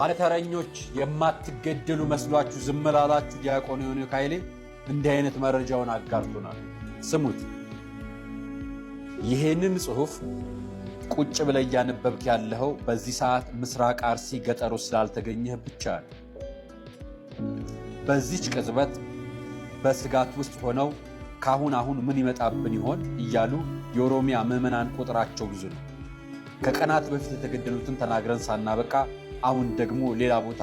ባለተረኞች የማትገደሉ መስሏችሁ ዝም ላላችሁ ዲያቆን የሆነ ኃይሌ እንዲህ አይነት መረጃውን አጋርቶናል። ስሙት። ይህንን ጽሑፍ ቁጭ ብለህ እያነበብክ ያለኸው በዚህ ሰዓት ምስራቅ አርሲ ገጠሩ ስላልተገኘህ ብቻ ነው። በዚች ቅጽበት በስጋት ውስጥ ሆነው ካሁን አሁን ምን ይመጣብን ይሆን እያሉ የኦሮሚያ ምዕመናን ቁጥራቸው ብዙ ነው። ከቀናት በፊት የተገደሉትን ተናግረን ሳናበቃ አሁን ደግሞ ሌላ ቦታ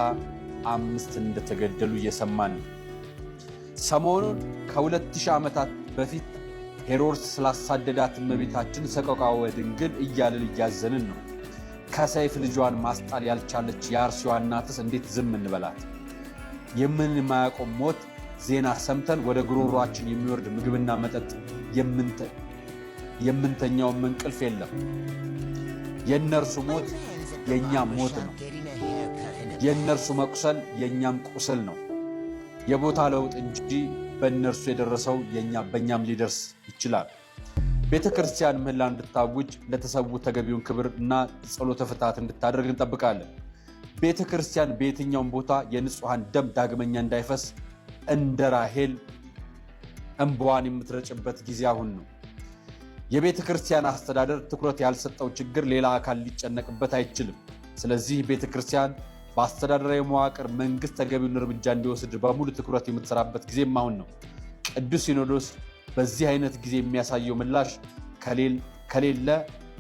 አምስት እንደተገደሉ እየሰማን ነው። ሰሞኑን ከሁለት ሺህ ዓመታት በፊት ሄሮድስ ስላሳደዳት እመቤታችን ሰቆቃወ ድንግል እያልን እያዘንን ነው። ከሰይፍ ልጇን ማስጣል ያልቻለች የአርሲዋ እናትስ እንዴት ዝም እንበላት? የምንማያቆም ሞት ዜና ሰምተን ወደ ጉሮሯችን የሚወርድ ምግብና መጠጥ የምንተኛውም እንቅልፍ የለም። የእነርሱ ሞት የእኛ ሞት ነው። የእነርሱ መቁሰል የእኛም ቁስል ነው። የቦታ ለውጥ እንጂ በእነርሱ የደረሰው በእኛም ሊደርስ ይችላል። ቤተ ክርስቲያን ምህላ እንድታውጅ ለተሰዉ ተገቢውን ክብር እና ጸሎተ ፍትሐት እንድታደርግ እንጠብቃለን። ቤተ ክርስቲያን በየትኛውም ቦታ የንጹሐን ደም ዳግመኛ እንዳይፈስ እንደ ራሄል እንባዋን የምትረጭበት ጊዜ አሁን ነው። የቤተ ክርስቲያን አስተዳደር ትኩረት ያልሰጠው ችግር ሌላ አካል ሊጨነቅበት አይችልም። ስለዚህ ቤተ ክርስቲያን በአስተዳደራዊ መዋቅር መንግስት ተገቢውን እርምጃ እንዲወስድ በሙሉ ትኩረት የምትሰራበት ጊዜም አሁን ነው። ቅዱስ ሲኖዶስ በዚህ አይነት ጊዜ የሚያሳየው ምላሽ ከሌለ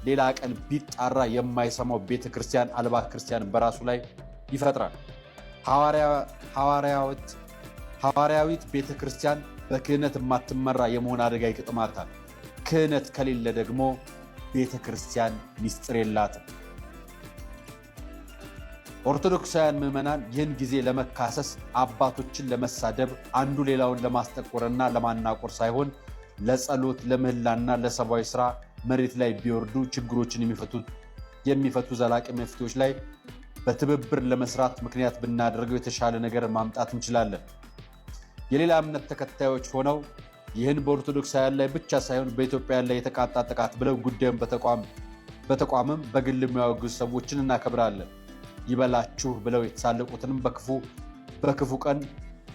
ሌላ ቀን ቢጣራ የማይሰማው ቤተ ክርስቲያን አልባ ክርስቲያን በራሱ ላይ ይፈጥራል። ሐዋርያዊት ቤተ ክርስቲያን በክህነት የማትመራ የመሆን አደጋ ይገጥማታል። ክህነት ከሌለ ደግሞ ቤተ ክርስቲያን ሚስጥር የላትም። ኦርቶዶክሳውያን ምዕመናን ይህን ጊዜ ለመካሰስ አባቶችን ለመሳደብ አንዱ ሌላውን ለማስጠቆርና ለማናቆር ሳይሆን ለጸሎት ለምህላና ለሰብአዊ ስራ መሬት ላይ ቢወርዱ ችግሮችን የሚፈቱት የሚፈቱ ዘላቂ መፍትሄዎች ላይ በትብብር ለመስራት ምክንያት ብናደርገው የተሻለ ነገር ማምጣት እንችላለን። የሌላ እምነት ተከታዮች ሆነው ይህን በኦርቶዶክሳውያን ላይ ብቻ ሳይሆን በኢትዮጵያውያን ላይ የተቃጣ ጥቃት ብለው ጉዳዩን በተቋምም በግል የሚያወግዙ ሰዎችን እናከብራለን። ይበላችሁ ብለው የተሳለቁትንም በክፉ በክፉ ቀን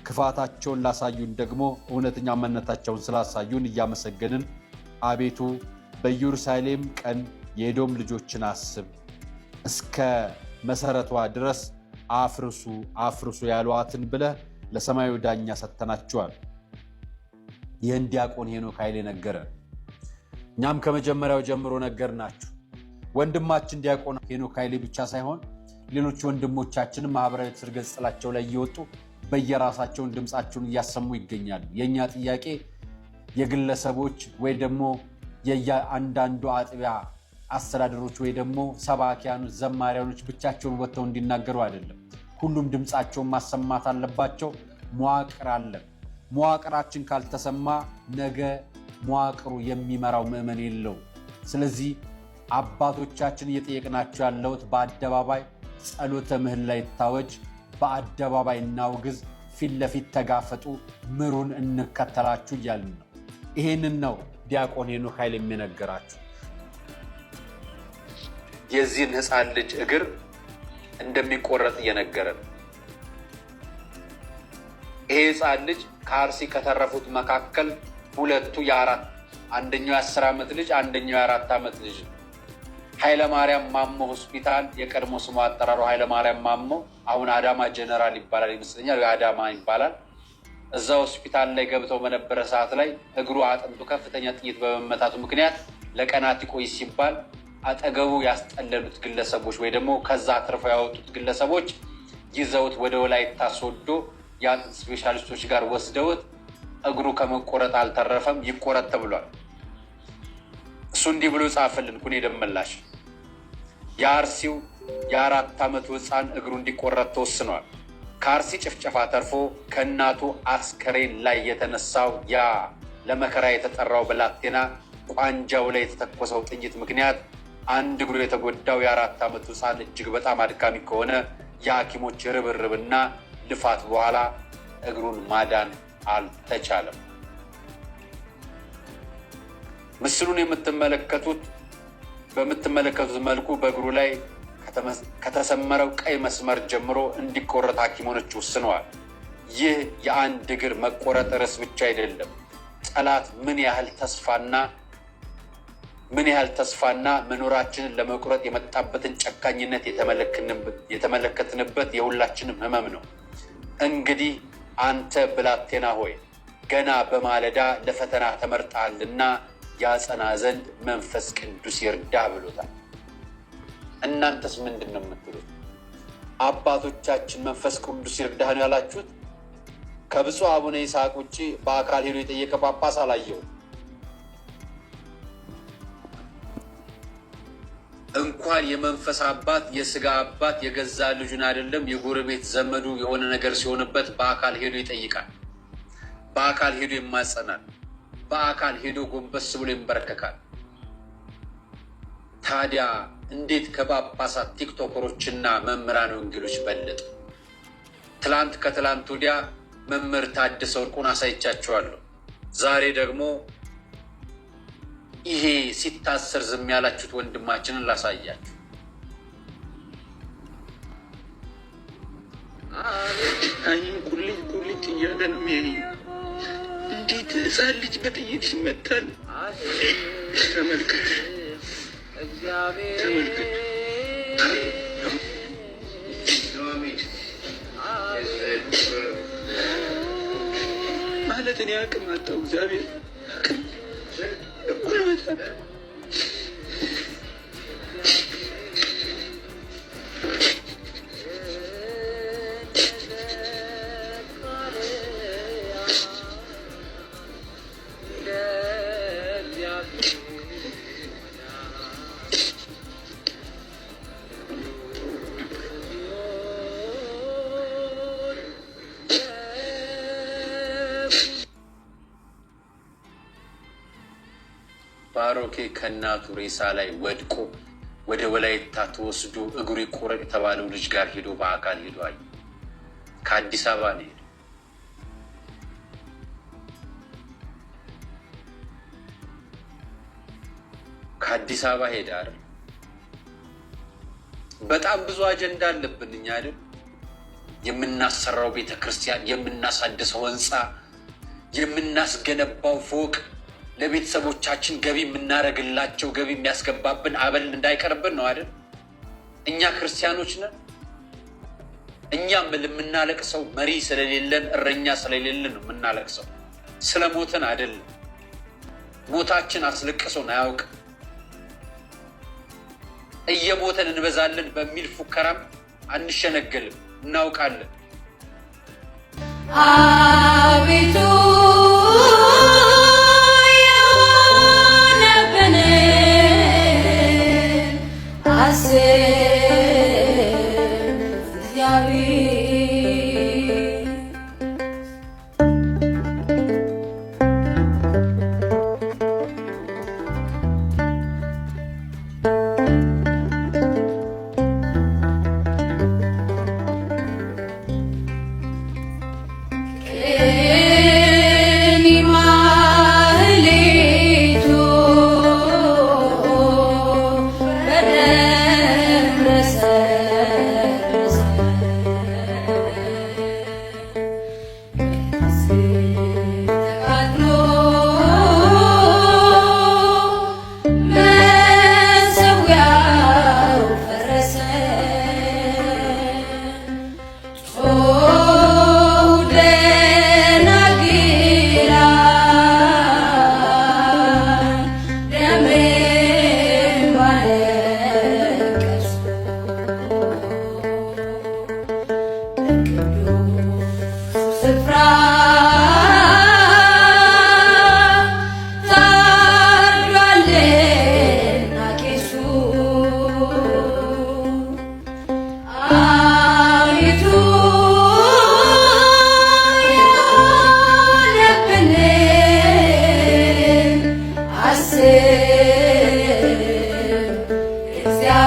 ክፋታቸውን ላሳዩን ደግሞ እውነተኛ ማንነታቸውን ስላሳዩን እያመሰገንን አቤቱ በኢየሩሳሌም ቀን የኤዶም ልጆችን አስብ፣ እስከ መሰረቷ ድረስ አፍርሱ አፍርሱ ያሏትን ብለህ ለሰማዩ ዳኛ ሰጥተናቸዋል። ይህን ዲያቆን ሄኖክ ኃይሌ ነገረ። እኛም ከመጀመሪያው ጀምሮ ነገር ናችሁ። ወንድማችን ዲያቆን ሄኖክ ኃይሌ ብቻ ሳይሆን ሌሎች ወንድሞቻችንም ማህበራዊ ትስስር ላይ እየወጡ በየራሳቸውን ድምፃቸውን እያሰሙ ይገኛሉ። የእኛ ጥያቄ የግለሰቦች ወይ ደግሞ የየአንዳንዱ አጥቢያ አስተዳደሮች ወይ ደግሞ ሰባኪያኑ ዘማሪያኖች ብቻቸውን ወጥተው እንዲናገሩ አይደለም። ሁሉም ድምፃቸውን ማሰማት አለባቸው። መዋቅር አለ። መዋቅራችን ካልተሰማ ነገ መዋቅሩ የሚመራው ምዕመን የለው። ስለዚህ አባቶቻችን እየጠየቅናቸው ያለውት በአደባባይ ጸሎተ ምህላ ይታወጅ። በአደባባይ እናውግዝ፣ ፊት ለፊት ተጋፈጡ፣ ምሩን እንከተላችሁ እያልን ነው። ይህንን ነው ዲያቆን ሄኖክ ኃይል የሚነገራችሁ። የዚህን ህፃን ልጅ እግር እንደሚቆረጥ እየነገረ ነው። ይሄ ህፃን ልጅ ከአርሲ ከተረፉት መካከል ሁለቱ የአራት አንደኛው የአስር ዓመት ልጅ አንደኛው የአራት ዓመት ልጅ ነው። ኃይለማርያም ማሞ ሆስፒታል የቀድሞ ስሙ አጠራሩ ኃይለማርያም ማሞ አሁን አዳማ ጀነራል ይባላል ይመስለኛል፣ አዳማ ይባላል። እዛ ሆስፒታል ላይ ገብተው በነበረ ሰዓት ላይ እግሩ አጥንቱ ከፍተኛ ጥይት በመመታቱ ምክንያት ለቀናት ይቆይ ሲባል አጠገቡ ያስጠለሉት ግለሰቦች ወይ ደግሞ ከዛ አትርፈው ያወጡት ግለሰቦች ይዘውት ወደ ወላይታ ሶዶ የአጥንት ስፔሻሊስቶች ጋር ወስደውት እግሩ ከመቆረጥ አልተረፈም፣ ይቆረጥ ተብሏል። እሱ እንዲህ ብሎ ጻፈልን ኩኔ ደመላሽ የአርሲው የአራት ዓመቱ ህፃን እግሩ እንዲቆረጥ ተወስኗል። ከአርሲ ጭፍጨፋ ተርፎ ከእናቱ አስከሬን ላይ የተነሳው ያ ለመከራ የተጠራው ብላቴና ቋንጃው ላይ የተተኮሰው ጥይት ምክንያት አንድ እግሩ የተጎዳው የአራት ዓመቱ ህፃን እጅግ በጣም አድካሚ ከሆነ የሐኪሞች ርብርብና ልፋት በኋላ እግሩን ማዳን አልተቻለም። ምስሉን የምትመለከቱት በምትመለከቱት መልኩ በእግሩ ላይ ከተሰመረው ቀይ መስመር ጀምሮ እንዲቆረጥ ሐኪሞች ወስነዋል። ይህ የአንድ እግር መቆረጥ ርዕስ ብቻ አይደለም። ጠላት ምን ያህል ተስፋና ምን ያህል ተስፋና መኖራችንን ለመቁረጥ የመጣበትን ጨካኝነት የተመለከትንበት የሁላችንም ህመም ነው። እንግዲህ አንተ ብላቴና ሆይ ገና በማለዳ ለፈተና ተመርጠሃልና ያጸና ዘንድ መንፈስ ቅዱስ ይርዳ ብሎታል። እናንተስ ምንድን ነው የምትሉት? አባቶቻችን መንፈስ ቅዱስ ይርዳ ነው ያላችሁት? ከብፁ አቡነ ይስሐቅ ውጭ በአካል ሄዶ የጠየቀ ጳጳስ አላየው። እንኳን የመንፈስ አባት የስጋ አባት የገዛ ልጁን አይደለም የጎረቤት ዘመዱ የሆነ ነገር ሲሆንበት በአካል ሄዶ ይጠይቃል። በአካል ሄዶ ይማጸናል። በአካል ሄዶ ጎንበስ ብሎ ይንበረከካል። ታዲያ እንዴት ከጳጳሳት ቲክቶከሮችና መምህራን ወንጌሎች በለጡ? ትላንት ከትላንት ወዲያ መምህር ታደሰ ወርቁን አሳይቻችኋለሁ። ዛሬ ደግሞ ይሄ ሲታሰር ዝም ያላችሁት ወንድማችንን ላሳያችሁ። ቁልጭ ቁልጭ እያለ ነው እንዴት ህፃን ልጅ በጥይት ይመታል? ተመልከት፣ ተመልከት። ማለት እኔ አቅም አጣው እግዚአብሔር ባሮኬ ከእናቱ ሬሳ ላይ ወድቆ ወደ ወላይታ ተወስዶ እግሩ ይቆረጥ የተባለው ልጅ ጋር ሄዶ በአካል ሄዶ አየ። ከአዲስ አበባ ነው ሄደው። ከአዲስ አበባ ሄደ አይደል? በጣም ብዙ አጀንዳ አለብን እኛ አይደል? የምናሰራው ቤተ ክርስቲያን፣ የምናሳድሰው ህንፃ፣ የምናስገነባው ፎቅ ለቤተሰቦቻችን ገቢ የምናደርግላቸው ገቢ የሚያስገባብን አበል እንዳይቀርብን ነው አይደል? እኛ ክርስቲያኖች ነን። እኛም የምናለቅሰው መሪ ስለሌለን እረኛ ስለሌለን ነው የምናለቅሰው። ስለ ሞትን አይደለም። ሞታችን አስለቅሶን አያውቅም። እየሞተን እንበዛለን በሚል ፉከራም አንሸነገልም። እናውቃለን። አቤቱ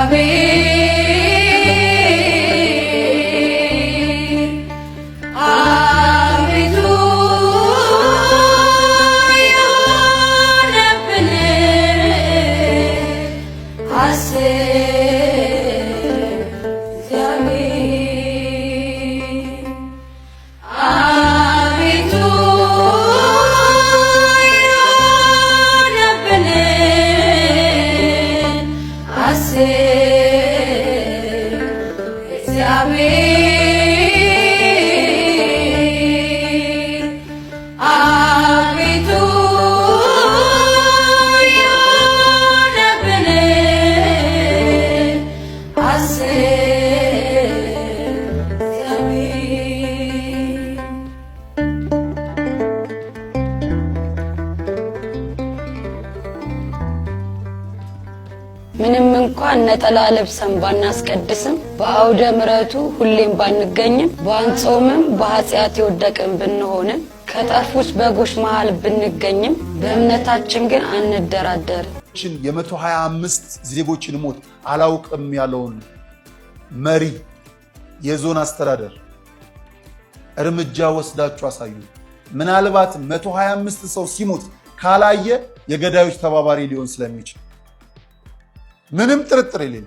saber. ነጠላ ለብሰን ባናስቀድስም በአውደ ምረቱ ሁሌም ባንገኝም ባንጾምም በኃጢአት የወደቅን ብንሆንም ከጠፉት በጎች መሃል ብንገኝም በእምነታችን ግን አንደራደርም። የመቶ ሃያ ዜጎችን ሞት አላውቅም ያለውን መሪ የዞን አስተዳደር እርምጃ ወስዳችሁ አሳዩ። ምናልባት 125 ሰው ሲሞት ካላየ የገዳዮች ተባባሪ ሊሆን ስለሚችል ምንም ጥርጥር የሌለ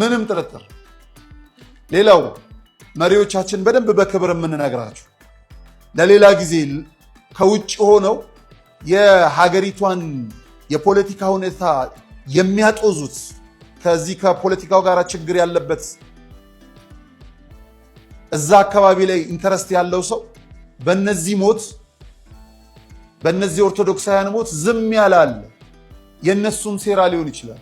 ምንም ጥርጥር። ሌላው መሪዎቻችን በደንብ በክብር የምንነግራቸው ለሌላ ጊዜ ከውጭ ሆነው የሀገሪቷን የፖለቲካ ሁኔታ የሚያጦዙት ከዚህ ከፖለቲካው ጋር ችግር ያለበት እዛ አካባቢ ላይ ኢንተረስት ያለው ሰው በነዚህ ሞት በነዚህ ኦርቶዶክሳውያን ሞት ዝም ያላለ የእነሱም ሴራ ሊሆን ይችላል።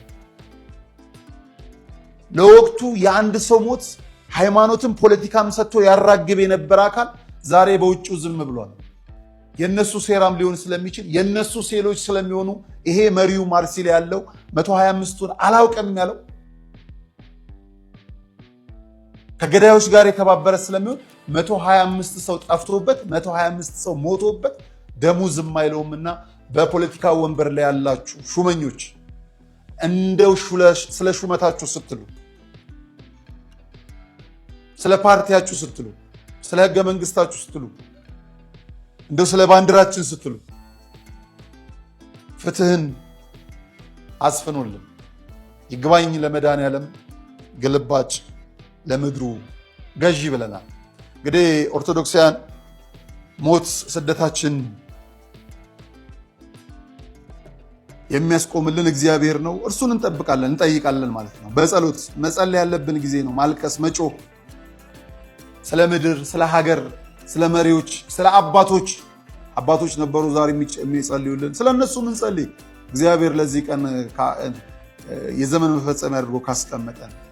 ለወቅቱ የአንድ ሰው ሞት ሃይማኖትን፣ ፖለቲካም ሰጥቶ ያራግብ የነበረ አካል ዛሬ በውጭው ዝም ብሏል። የነሱ ሴራም ሊሆን ስለሚችል የነሱ ሴሎች ስለሚሆኑ ይሄ መሪው ማርሲል ያለው 125ቱን አላውቅም ያለው ከገዳዮች ጋር የተባበረ ስለሚሆን 125 ሰው ጠፍቶበት 125 ሰው ሞቶበት ደሙ ዝም አይለውምና በፖለቲካ ወንበር ላይ ያላችሁ ሹመኞች እንደው ስለ ሹመታችሁ ስትሉ፣ ስለ ፓርቲያችሁ ስትሉ፣ ስለ ህገ መንግስታችሁ ስትሉ፣ እንደው ስለ ባንዲራችን ስትሉ ፍትህን አስፍኖልን ይግባኝ ያለም ግልባጭ ለምድሩ ገዢ ብለናል። እንግዲህ ኦርቶዶክሳውያን ሞት ስደታችን የሚያስቆምልን እግዚአብሔር ነው። እርሱን እንጠብቃለን እንጠይቃለን ማለት ነው። በጸሎት መጸለይ ያለብን ጊዜ ነው። ማልቀስ፣ መጮህ፣ ስለ ምድር፣ ስለ ሀገር፣ ስለ መሪዎች፣ ስለ አባቶች አባቶች ነበሩ ዛሬ የሚጸልዩልን። ስለ እነሱ ምንጸልይ እግዚአብሔር ለዚህ ቀን የዘመን መፈጸሚያ አድርጎ ካስቀመጠን